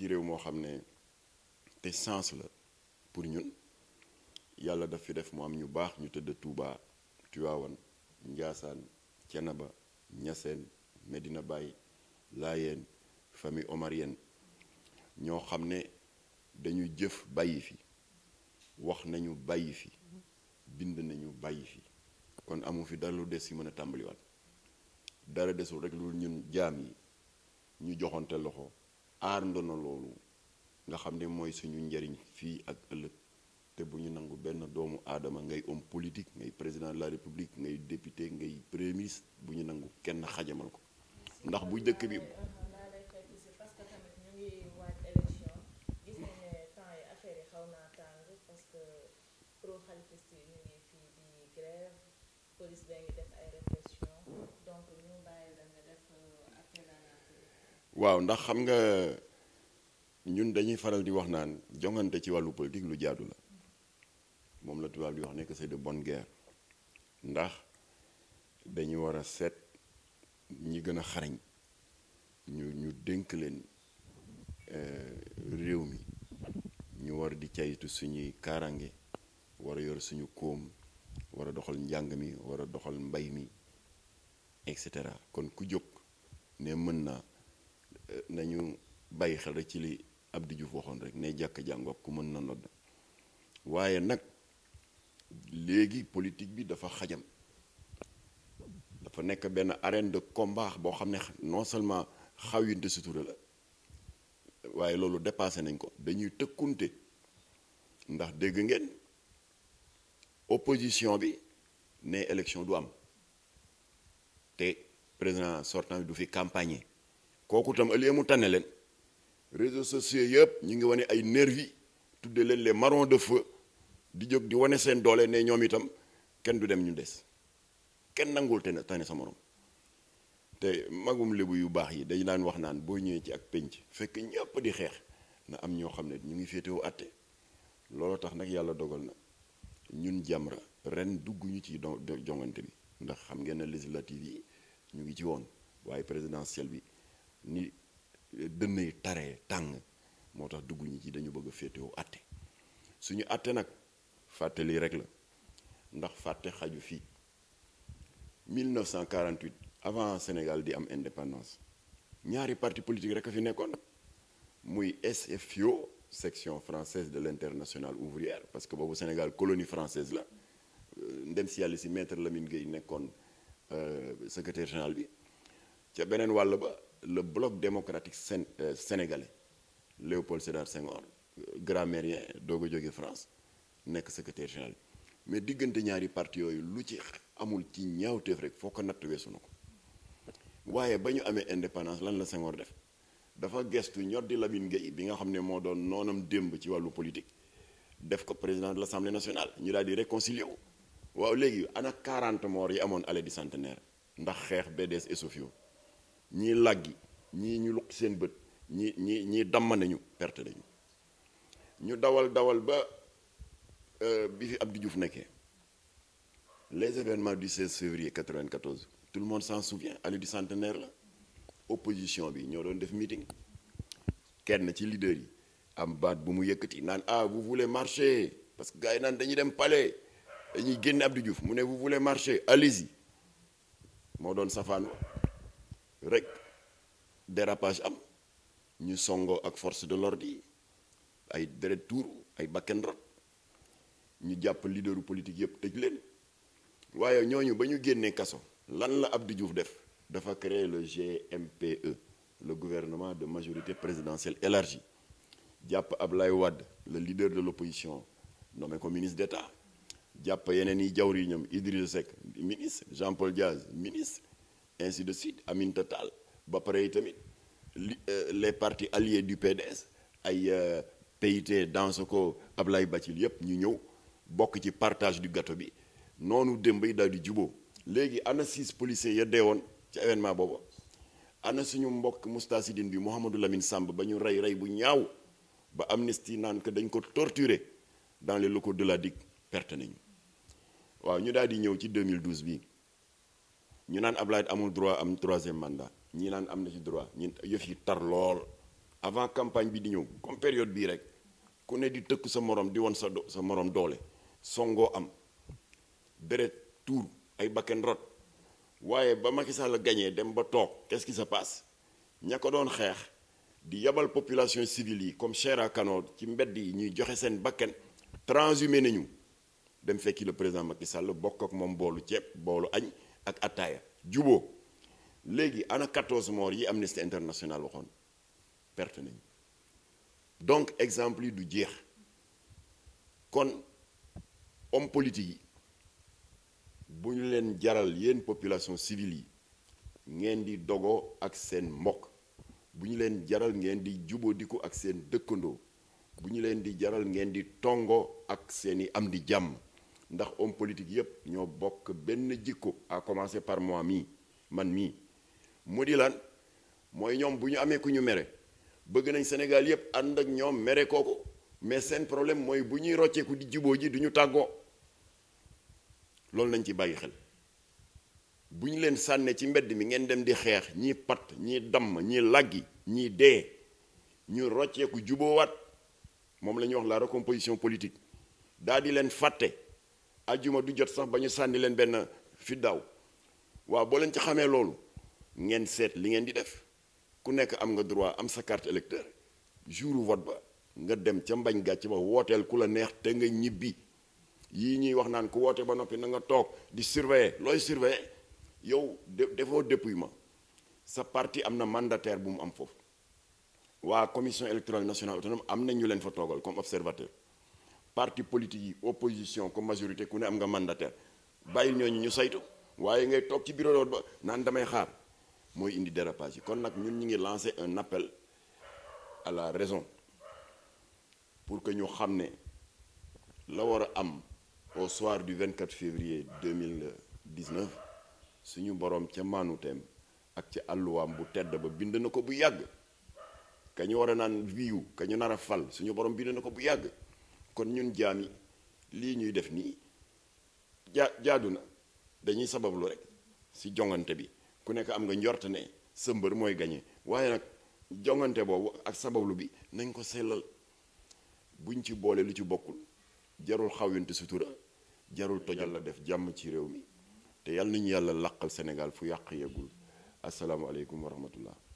ci réew moo xam ne te sens la pour ñun yàlla daf fi def mu am ñu baax ñu tëdd Touba Tivaouane Ndiassane Thiénaba Niassène Medina Baye Layène famille omarienne ñoo xam ne dañu jëf bàyyi fi wax nañu bàyyi fi bind nañu bàyyi fi kon amu fi dara lu des ci mën a tàmbaliwaat dara desul rek lu ñun jaam yi ñu joxante loxo aar ndono loolu nga xam ne mooy suñu njariñ fii ak ëllëg te bu ñu nangu benn doomu aadama ngay homme politique ngay président de la république ngay député ngay premier ministre bu ñu nangu kenn xajamal ko ndax bu dëkk bi waaw ndax xam nga ñun dañuy faral di wax naan jongante ci wàllu politique lu jaadu la moom la tubaab di wax nekk que c'est de bonne guerre ndax dañu war a seet ñi gën a xarañ ñu ñu dénk leen eh, réew mi ñu war di caytu suñuy kaaraange war a yor suñu koom war a doxal njàng mi war a doxal mbay mi et cetera kon ku jóg ne mën naa nañu bàyyi xel rek ci li Abdou Diouf waxoon rek ne jàkk jàngoog ku mën na nodd waaye nag léegi politique bi dafa xajam dafa nekk benn arène de combat boo xam ne non seulement xawinte sutura la waaye loolu dépassé nañ ko dañuy tëkkunte ndax dégg ngeen opposition bi ne élection du am te président sortant bi du fi campagne kooku tam ëllëgee mu tànne leen réseaux sociaux yëpp ñu ngi wane ay nervi tudde leen les marrons de feu di jóg di wane seen doole ne ñoom itam kenn du dem ñu des kenn nanguwul te tane sa moroom te magum lébu yu baax yi dañ daan wax naan boo ñëwee ci ak penc fekk ñëpp di xeex na am ñoo xam ne ñu ngi féetewoo àtte looloo tax nag yàlla dogal na ñun Jamra ren dugg ñu ci jongante bi ndax xam ngeen ne législative yi ñu ngi ci woon waaye présidentielle bi ni eh, dënn yi taree tàng moo tax dugg ñi ci dañu bëgg a féetewoo atte suñu atte nag fàtte lii rek la ndax fàtte xaju fii 1948 avant Sénégal di am indépendance ñaari parti politique rek a fi nekkoon muy SFIO section française de l'internationale ouvrière parce que boobu Sénégal colonie française la euh, ndem si yàlla si maître Lamine Gueye nekkoon euh, secrétaire général bi ca beneen wàll ba le bloc démocratique sén euh, sénégalais Léopold Sédar Senghor euh, grammairien doo a jóge France nekk secretaire général mais diggante ñaari parti yooyu lu ci amul ci ñaawteef rek foo ko natt weesu na ko waaye ba ñu amee indépendance lan la Senghor def dafa gestu ñor di Lamine Gueye bi nga xam ne moo doon noonam démb ci wàllu politique def ko président de l'Assemblée nationale ñu daal di réconcilier wu waaw léegi ana quarante morts yi amoon allée di santenaire ndax xeex BDS et ñii làggi ñii ñu luq seen bët ñii ñii ñii damm nañu perte nañu ñu dawal dawal ba euh, bi fi du Diouf nekkee les événements du 16 février 94 tout le monde s'en souvient année du centenaire la opposition bi ñoo doon def meeting kenn ci leader yi am baat bu mu yëkkati naan ah vous marché marcher parce que gars yi naan dañuy dem palais dañuy génne ab du Diouf mu ne vous marché marcher allez moo doon safaan wa rek dérapage am ñu songoo ak force de lord yi ay deret tuuru ay bakken rot ñu jàpp leaderu politique yépp tëj leen waaye ñooñu ba ñu génnee kaso lan la Abdou Diouf def dafa créer le GMPE le gouvernement de majorité présidentielle élargie jàpp Ablaye Wade le leader de l'opposition nommé ko ministre d'État jàpp yeneen yi jawriñam Idrissa Seck ministre Jean-Paul Diaz ministre ainsi de suite Aminata Tall ba pare tamit euh, les partis alliés du PDS ay euh, ko ab Ablaye Bathily yëpp ñu ñëw bokk ci partage du gato bi noonu démb yi daal di juboo léegi ana six policiers ya dee woon ci événement boobu ana suñu mbokk Moustachidine bi Mouhamadou Lamine Samb ba ñu rey rey bu ñaaw ba Amnesty naan que dañ ko torturer dans les locaux de la dikk perte nañu waaw ñu daal di ñëw ci 2012 bi ñu naan ab Ablaye amul droit am troisième mandat ñi naan am na ci droit ñi yëf yi tar lool avant campagne bi di ñëw comme période bii rek ku ne di tëkk sa moroom di woon sa sa morom doole songoo am deret tuur ay bakken rot waaye ba Macky Sall gañee dem ba toog qu'est-ce qui sa passe ña ko doon xeex di yabal population civile yi comme chair à ci mbedd yi ñuy joxe seen bakken transhumé nañu dem fekki le président Macky bokk ak moom boolu ceeb boolu añ ak attaaya jubo léegi ana 14 morts yi Amnesty International waxoon perte nañu donc exemple yi du jeex kon homme politique yi bu ñu leen jaral yéen population civile yi ngeen di dogoo ak seen mbokk bu ñu leen jaral ngeen di jubodiku ak seen dëkkandoo bu ñu leen di jaral ngeen di tongoo ak seeni am di jàmm ndax homme politique yépp ñoo bokk benn jikko à commencer par mois mii man mii mu di lan mooy ñoom bu ñu amee ku ñu mere bëgg nañ Sénégal yépp ànd ak ñoom mere kooku mais seen problème mooy bu ñuy rocceeku di juboo ji du ñu tàggoo loolu nañ ci bàyyi xel bu ñu leen sànnee ci mbedd mi ngeen dem di xeex ñii pat ñii damm ñii làggi ñii dee ñu rocceeku waat moom la ñuy wax la recomposition politique daal di leen fàtte ajjuma du jot sax ba ñu sànni leen benn fi daaw waaw boo leen ci xamee loolu ngeen seet li ngeen di def ku nekk am nga droit am sa carte électeur jour vote ba nga dem ca mbañ gàcc ba wooteel ku la neex te nga ñibbi yii ñuy wax naan ku wootee ba noppi na nga toog di surveiller looy surveiller yow defoo ma sa parti am na mandataire bu mu am foofu waa commission électorale nationale autonome am na ñu leen fa toogal comme observateur parti politique yi opposition comme majorité ku ne am nga mandataire bàyyil ñooñu ñu saytu waaye ngay toog ci bureau ba naan damay xaar mooy indi dérapage yi kon nag ñun ñu ngi lancer un appel à la raison pour que ñu xam ne la war a am au soir du 24 février 2019 suñu boroom ca maanuteem ak ca àlluwaam bu tedd ba bind na ko bu yàgg ka ñu war a naan wiiw ka ñu nar a fal suñu boroom bind na ko bu yàgg kon ñun jaami lii ñuy def nii jaa jaadu na dañuy sabablu rekk si jongante bi ku nekk am nga njort ne sa mbër mooy gañe waaye nag jongante boobu ak sabablu bi nañ ko sellal buñ ci boole lu ci bokkul jarul xawante sutura jarul tojal la def jàmm ci réew mi te yàlla nañu yàlla làqal Sénégal fu yàq yeggul asalaamaaleykum wa rahmatullah